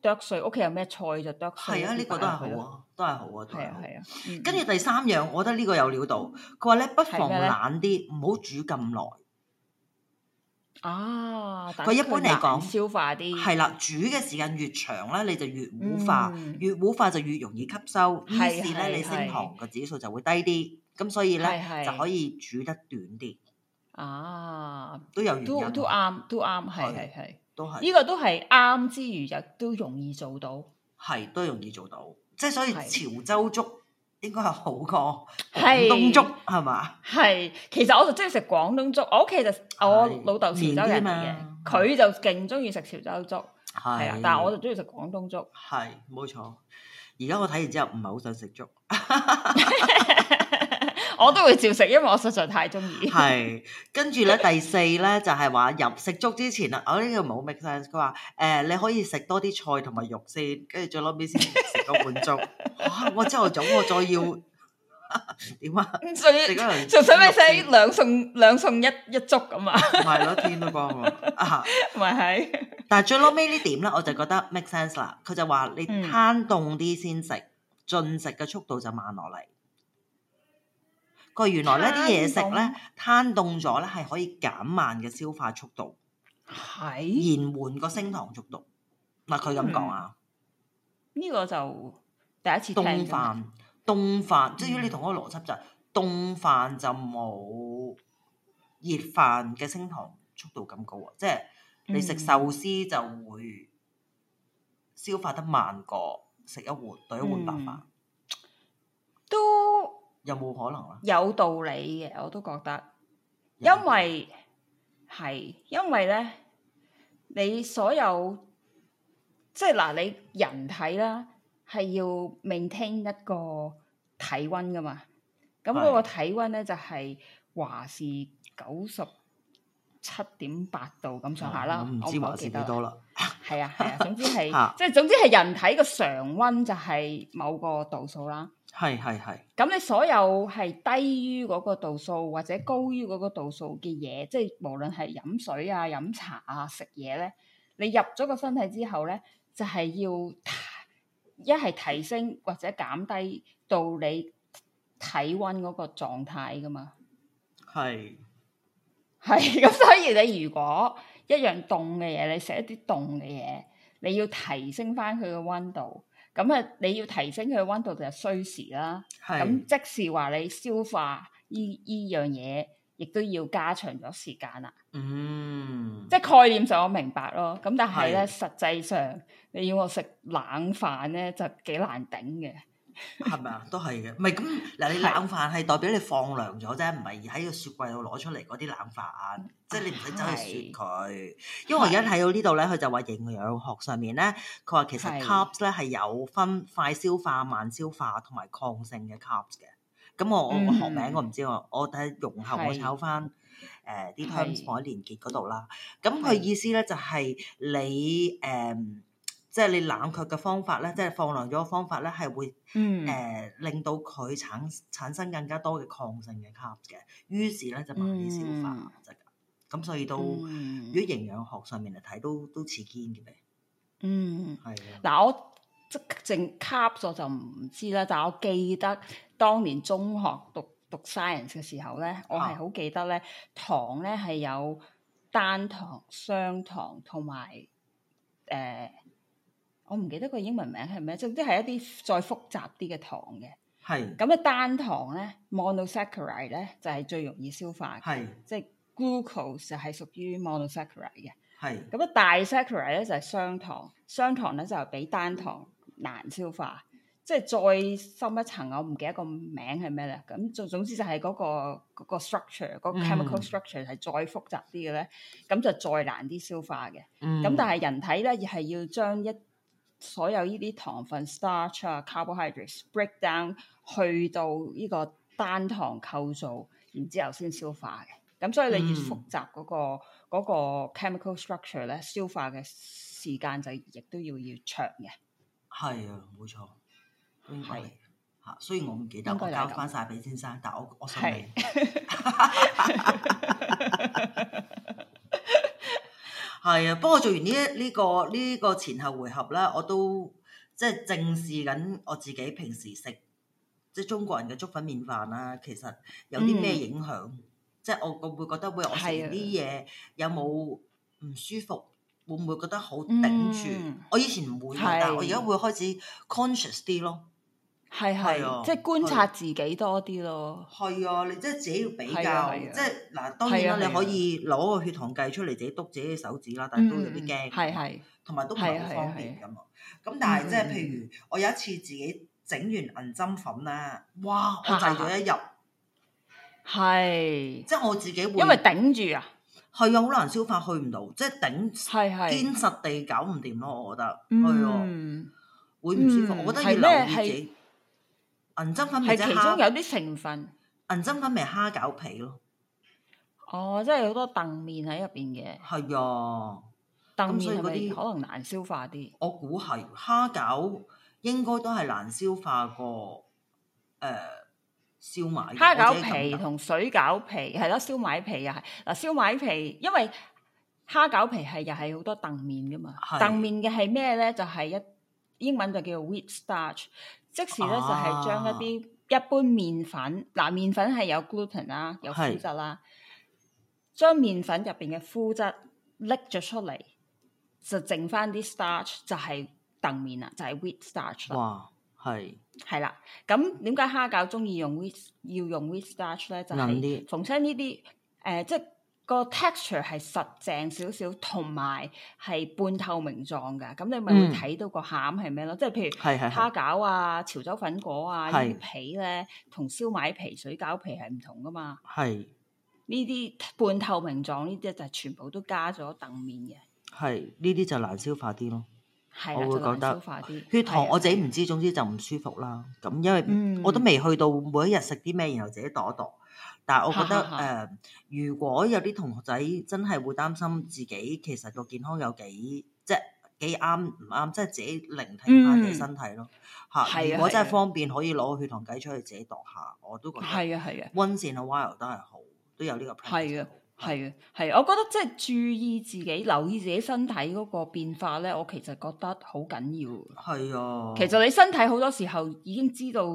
剁碎，屋企有咩菜就剁碎。係啊，呢個都係好，啊。都係好啊，都係。係啊，跟住、啊、第三樣，我覺得呢個有料到。佢話咧，不妨懶啲，唔好嗎煮咁耐。啊！佢一般嚟講消化啲，係啦，煮嘅時間越長咧，你就越糊化，越糊化就越容易吸收，於是咧你升糖個指數就會低啲。咁所以咧就可以煮得短啲。啊，都有原因，都啱，都啱，係係係，都係。呢個都係啱之餘又都容易做到，係都容易做到。即係所以潮州粥，應該係好過廣東粥係嘛？係是吧，其實我就中意食廣東粥。我屋企就是我老豆潮州人嚟嘅，佢、啊、就勁中意食潮州粥。係是啊，但係我就中意食廣東粥。係冇錯，而家我睇完之後唔係好想食粥。 *laughs* *laughs* 我都會照食，因為我實在太鍾意。係跟住咧，第四咧就係、是、話入食粥之前啊，我、哦、呢、這個冇 make sense。佢話誒，你可以食多啲菜同埋肉先，跟住再攞尾先食個碗粥。 *laughs* 哦、我朝頭早我再要點啊？所以仲使咩食？兩餸兩餸一一,一粥咁啊？唔係咯，天都光啊！咪係。但係最攞尾呢點咧，我就覺得 make sense 啦。佢就話你攤凍啲先食、嗯、進食，進食嘅速度就慢落嚟。佢原來呢啲嘢坦凍 食咧攤凍咗咧係可以減慢嘅消化速度，是延緩個升糖速度。嗱、嗯，佢咁講啊，呢、嗯這個就第一次聽。凍飯，凍飯，即係你同我個邏輯就係、是、凍、嗯、飯就冇熱飯嘅升糖速度咁高啊！即係你食壽司就會消化得慢過食一碗對一碗白飯、嗯。都。有冇可能咧、啊？有道理嘅，我都覺得，因為係因為咧，你所有即係嗱、呃，你人體啦，係要 maintain 一個體温噶嘛，咁嗰個體温咧是就係華氏九十七點八度咁上下啦，嗯、華我唔知華氏幾多啦。係啊，係啊，總之係，啊、即係總之係人體個常温就係某個度數啦。係係係。咁你所有係低於嗰個度數或者高於嗰個度數嘅嘢，即係無論係飲水啊、飲茶啊、食嘢咧，你入咗個身體之後咧，就係、是、要一係提升或者減低到你體温嗰個狀態噶嘛。係係咁，所以你如果。一樣凍嘅嘢，你食一啲凍嘅嘢，你要提升翻佢嘅溫度，咁啊你要提升佢嘅溫度就係需時啦。咁是即使話你消化呢依樣嘢，亦都要加長咗時間啦。嗯，即係概念上我明白咯，咁但係咧是實際上你要我食冷飯咧，就幾難頂嘅。係咪啊？都係嘅，唔係咁嗱，你冷飯係代表你放涼咗啫，唔係喺個雪櫃度攞出嚟嗰啲冷飯，是即係你唔使走去雪佢。是因為我而家睇到呢度咧，佢是就話營養學上面咧，佢話其實 carbs 咧係有分快消化、慢消化同埋抗性嘅 carbs 嘅。咁我我，嗯、我學名我唔知我，是我睇融合我炒翻誒啲 terms 放喺連結嗰度啦。咁佢意思咧是是就係你誒。Um, 即係你冷卻嘅方法咧，嗯、即係放涼咗嘅方法咧，係會誒令到佢產產生更加多嘅抗性嘅 carb 嘅，於是咧就慢啲消化，咁、嗯。所以都如果營養學上面嚟睇，都都似堅嘅。嗯，係嗱是的，我即正淨 carb 咗就唔知啦。但係我記得當年中學讀讀 science 嘅時候咧，啊、我係好記得咧，糖咧係有單糖、雙糖同埋誒。我唔記得個英文名係咩，總之係一啲再複雜啲嘅糖嘅。係。咁啊單糖咧 monosaccharide 咧就係最容易消化嘅。係。即係 glucose 就係屬於 monosaccharide 嘅。係。咁啊大 saccharide 咧就係雙糖，雙糖咧就係比單糖難消化。即係再深一層，我唔記得個名係咩咧。咁總總之就係嗰個嗰個 structure，嗰個 chemical structure 係再複雜啲嘅咧，咁就再難啲消化嘅。嗯。咁但係人體咧亦係要將一所有呢啲糖分 starch 啊 carbohydrates break down 去到呢個單糖構造，然之後先消化嘅。咁所以你越複雜嗰、那個嗯、個 chemical structure 咧，消化嘅時間就亦都要要長嘅。係啊，冇錯。係。嚇是，所以該、啊、我唔記得，應該我交翻晒俾先生，但係我我信你。是 *laughs* *laughs* 係啊，不過做完呢呢、這個呢、這個前後回合啦，我都即係正視緊我自己平時食即係中國人嘅粥粉麵飯啊，其實有啲咩影響？嗯、即係我會唔會覺得，喂，我食啲嘢有冇唔舒服？會唔會覺得好頂住？嗯、我以前唔會，的但我而家會開始 conscious 啲咯。係係，即係觀察自己多啲咯。係啊，你即係自己要比較，即係嗱，當然啦，你可以攞個血糖計出嚟自己篤自己手指啦，但係都有啲驚，係，同埋都唔係好方便咁。咁但係即係，譬如我有一次自己整完銀針粉咧，哇，我滯咗一日，係，即係我自己會，因為頂住啊，係啊，好難消化，去唔到，即係頂，係堅實地搞唔掂咯，我覺得，係啊，會唔舒服，我覺得要留意自己。銀針粉係其中有啲成分，銀針粉咪蝦餃皮咯。哦，即係好多澄麵喺入邊嘅。係啊，澄麵係咪可能難消化啲？我估係蝦餃應該都係難消化過。誒、呃，燒賣蝦餃皮同水餃皮係啦，燒賣皮又係嗱，燒賣皮因為蝦餃皮係又係好多澄麵噶嘛，澄麵嘅係咩咧？就係、是、一英文就叫做 wheat starch。即時是咧就係將一啲一般麵粉，嗱、啊，麵、啊、粉係有 gluten 啦、啊，有麩質啦、啊，將是麵粉入邊嘅麩質拎咗出嚟，就剩返啲 st、就是、starch，就係澄麵啦，就係 wheat starch 啦。哇，係係啦，咁點解蝦餃鍾意用 wheat 要用 wheat starch 咧？就係逢親呢啲誒，即係。個 texture 係實淨少少，同埋係半透明狀嘅，咁你咪會睇到個餡係咩咯？嗯、即係譬如蝦餃啊、是是是潮州粉果啊啲是是皮咧，同燒賣皮、水餃皮係唔同噶嘛？係呢啲半透明狀呢啲就全部都加咗澄麵嘅。係呢啲就難消化啲咯。係、啊，我會覺得。難消化啲血糖我自己唔知，總之就唔舒服啦。咁因為我都未去到每一日食啲咩，然後自己度一度。但係我覺得誒、呃，如果有啲同學仔真係會擔心自己其實個健康有幾即係幾啱唔啱，即係自己聆聽下自己身體咯。嚇、嗯，如果的真係方便，可以攞個血糖計出去自己度下，我都覺得係啊，係啊，once in a while 都係好，都有呢個 plan 的係啊，係，我覺得即係注意自己、留意自己身體嗰個變化咧，我其實覺得好緊要。係啊，其實你身體好多時候已經知道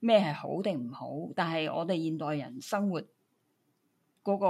咩係好定唔好，但係我哋現代人生活嗰個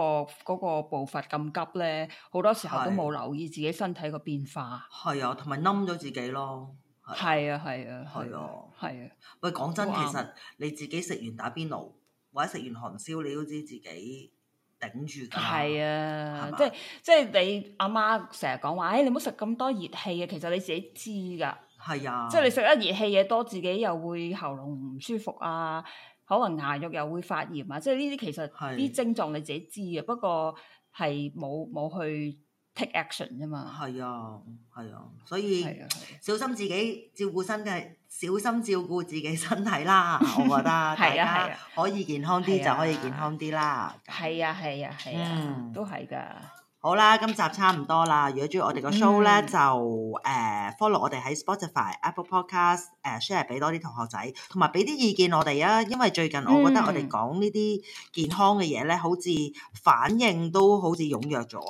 嗰個步伐咁急咧，好多時候都冇留意自己身體個變化。係啊，同埋冧咗自己咯。係啊，係啊，係啊，係啊。喂，講真，其實你自己食完打邊爐或者食完韓燒，你都知自己。頂住噶，係啊，吧即係即係你阿媽成日講話，誒、欸、你唔好食咁多熱氣嘅，啊，其實你自己知噶，係啊，即係你食得熱氣嘢多，自己又會喉嚨唔舒服啊，可能牙肉又會發炎啊，即係呢啲其實啲是症狀你自己知啊，不過係冇冇去。Take action 啫嘛，係啊，係啊，所以、啊啊、小心自己照顧身體，小心照顧自己身體啦。我覺得、 *laughs* 啊、大家可以健康啲、啊、就可以健康啲啦。係啊，係啊，係啊，啊嗯、都係噶。好啦，今集差唔多啦。如果中意我哋個 show 咧，嗯、就誒、uh, follow 我哋喺 Spotify、Apple Podcast 誒、uh, share 俾多啲同學仔，同埋俾啲意見我哋啊。因為最近我覺得我哋講呢啲健康嘅嘢咧，好似反應都好似踴躍咗。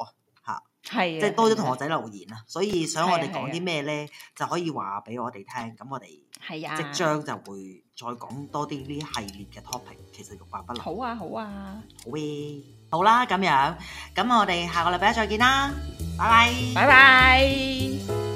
係，即係多咗同學仔留言啊，所以想我哋講啲咩咧，就可以話俾我哋聽。咁我哋即將就會再講多啲呢系列嘅 topic，其實欲罷不能。好啊，好啊，好嘅，好啦，咁樣，咁我哋下個禮拜再見啦，拜拜，拜拜。